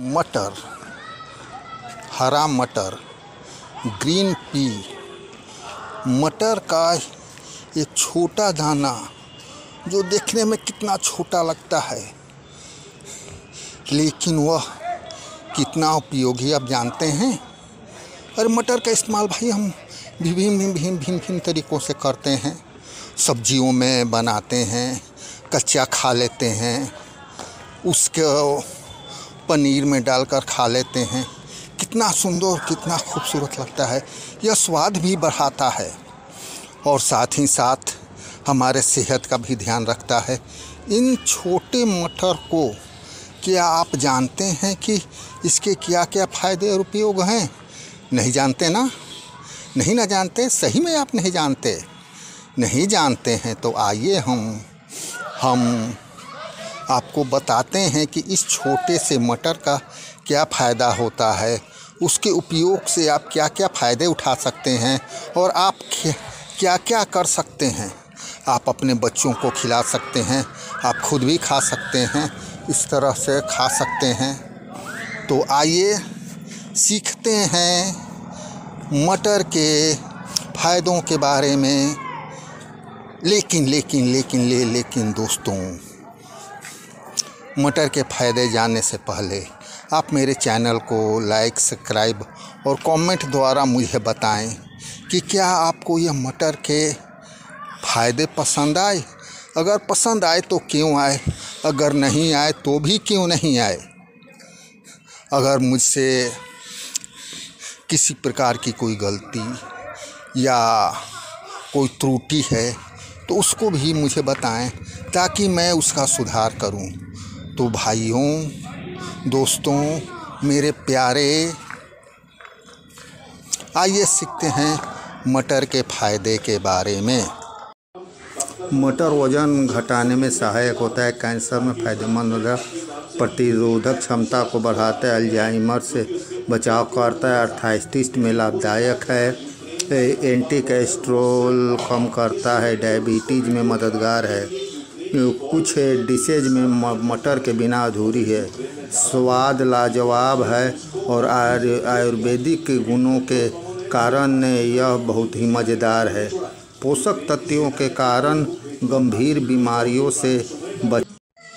मटर हरा मटर ग्रीन पी मटर का एक छोटा दाना जो देखने में कितना छोटा लगता है लेकिन वह कितना उपयोगी आप जानते हैं अरे मटर का इस्तेमाल भाई हम विभिन्न भिन्न भिन्न भिन्न तरीक़ों से करते हैं सब्जियों में बनाते हैं कच्चा खा लेते हैं उसको पनीर में डालकर खा लेते हैं कितना सुंदर कितना खूबसूरत लगता है यह स्वाद भी बढ़ाता है और साथ ही साथ हमारे सेहत का भी ध्यान रखता है इन छोटे मटर को क्या आप जानते हैं कि इसके क्या क्या फ़ायदे और उपयोग हैं नहीं जानते ना नहीं ना जानते सही में आप नहीं जानते नहीं जानते हैं तो आइए हम हम आपको बताते हैं कि इस छोटे से मटर का क्या फ़ायदा होता है उसके उपयोग से आप क्या क्या फ़ायदे उठा सकते हैं और आप क्या क्या कर सकते हैं आप अपने बच्चों को खिला सकते हैं आप खुद भी खा सकते हैं इस तरह से खा सकते हैं तो आइए सीखते हैं मटर के फ़ायदों के बारे में लेकिन लेकिन लेकिन ले लेकिन दोस्तों मटर के फ़ायदे जानने से पहले आप मेरे चैनल को लाइक सब्सक्राइब और कमेंट द्वारा मुझे बताएं कि क्या आपको यह मटर के फ़ायदे पसंद आए अगर पसंद आए तो क्यों आए अगर नहीं आए तो भी क्यों नहीं आए अगर मुझसे किसी प्रकार की कोई गलती या कोई त्रुटि है तो उसको भी मुझे बताएं ताकि मैं उसका सुधार करूं। तो भाइयों दोस्तों मेरे प्यारे आइए सीखते हैं मटर के फायदे के बारे में मटर वजन घटाने में सहायक होता है कैंसर में फायदेमंद होता है प्रतिरोधक क्षमता को बढ़ाता है अल्जाइमर से बचाव करता है अर्थाइस्टिस्ट में लाभदायक है एंटी कैस्ट्रोल कम करता है डायबिटीज़ में मददगार है कुछ डिशेज में मटर के बिना अधूरी है स्वाद लाजवाब है और आयुर्वेदिक गुणों के कारण यह बहुत ही मज़ेदार है पोषक तत्वों के कारण गंभीर बीमारियों से बच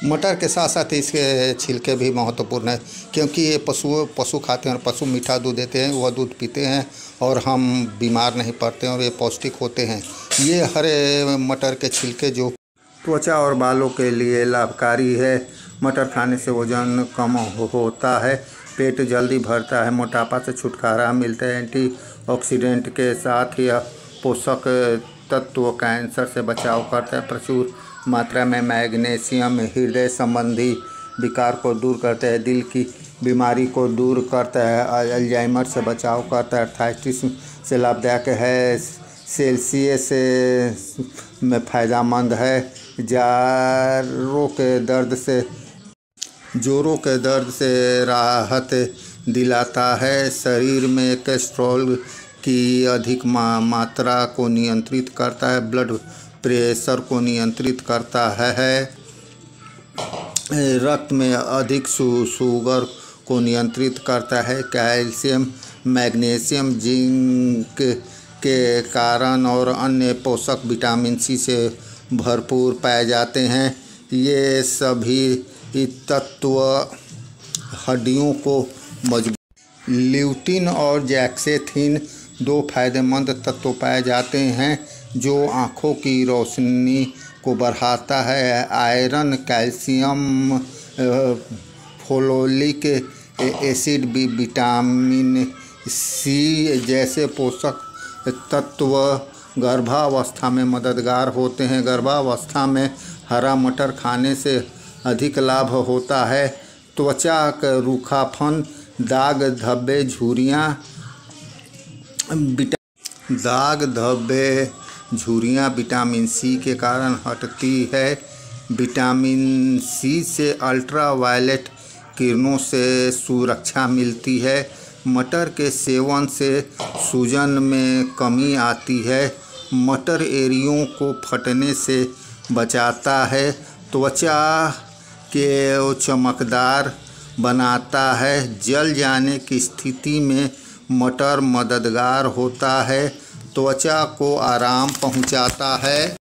मटर के साथ साथ इसके छिलके भी महत्वपूर्ण है क्योंकि ये पशु पशु खाते हैं और पशु मीठा दूध देते हैं वह दूध पीते हैं और हम बीमार नहीं पड़ते हैं और ये पौष्टिक होते हैं ये हरे मटर के छिलके जो त्वचा और बालों के लिए लाभकारी है मटर खाने से वजन कम हो, होता है पेट जल्दी भरता है मोटापा से छुटकारा मिलता है एंटीऑक्सीडेंट के साथ यह पोषक तत्व कैंसर से बचाव करता है प्रचुर मात्रा में मैग्नीशियम हृदय संबंधी विकार को दूर करता है दिल की बीमारी को दूर करता है अल्जाइमर से बचाव करता है अर्थाइटिस से लाभदायक है सेल्सियस से में फ़ायदा मंद है जारों के दर्द से जोरों के दर्द से राहत दिलाता है शरीर में कैस्ट्रॉल की अधिक मा, मात्रा को नियंत्रित करता है ब्लड प्रेशर को नियंत्रित करता है, है रक्त में अधिक शुगर को नियंत्रित करता है कैल्शियम मैग्नीशियम जिंक के कारण और अन्य पोषक विटामिन सी से भरपूर पाए जाते हैं ये सभी तत्व हड्डियों को मजबूत ल्यूटिन और जैक्सेथिन दो फायदेमंद तत्व पाए जाते हैं जो आँखों की रोशनी को बढ़ाता है आयरन कैल्शियम फोलोलिक एसिड भी विटामिन सी जैसे पोषक तत्व गर्भावस्था में मददगार होते हैं गर्भावस्था में हरा मटर खाने से अधिक लाभ होता है त्वचा का रूखापन दाग धब्बे झुरियाँ बिटा दाग धब्बे झुरियाँ विटामिन सी के कारण हटती है विटामिन सी से अल्ट्रावायलेट किरणों से सुरक्षा मिलती है मटर के सेवन से सूजन में कमी आती है मटर एरियों को फटने से बचाता है त्वचा के चमकदार बनाता है जल जाने की स्थिति में मटर मददगार होता है त्वचा को आराम पहुंचाता है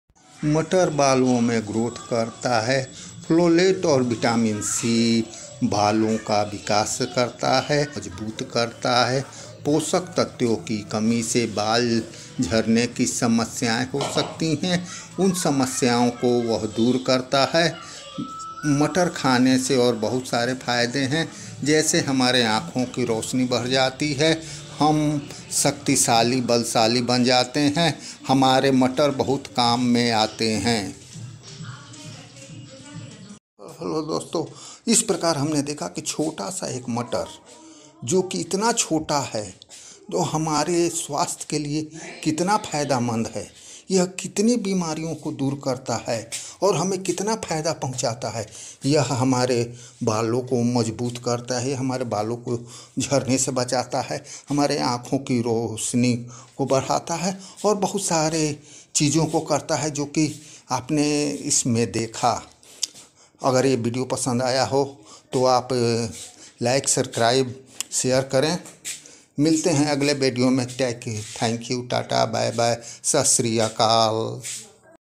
मटर बालों में ग्रोथ करता है फ्लोलेट और विटामिन सी बालों का विकास करता है मजबूत करता है पोषक तत्वों की कमी से बाल झरने की समस्याएं हो सकती हैं उन समस्याओं को वह दूर करता है मटर खाने से और बहुत सारे फायदे हैं जैसे हमारे आँखों की रोशनी बढ़ जाती है हम शक्तिशाली बलशाली बन जाते हैं हमारे मटर बहुत काम में आते हैं हेलो दोस्तों इस प्रकार हमने देखा कि छोटा सा एक मटर जो कि इतना छोटा है तो हमारे स्वास्थ्य के लिए कितना फ़ायदामंद है यह कितनी बीमारियों को दूर करता है और हमें कितना फ़ायदा पहुंचाता है यह हमारे बालों को मजबूत करता है हमारे बालों को झड़ने से बचाता है हमारे आँखों की रोशनी को बढ़ाता है और बहुत सारे चीज़ों को करता है जो कि आपने इसमें देखा अगर ये वीडियो पसंद आया हो तो आप लाइक सब्सक्राइब शेयर करें मिलते हैं अगले वीडियो में टैक thank you tata bye bye सत श्री अकाल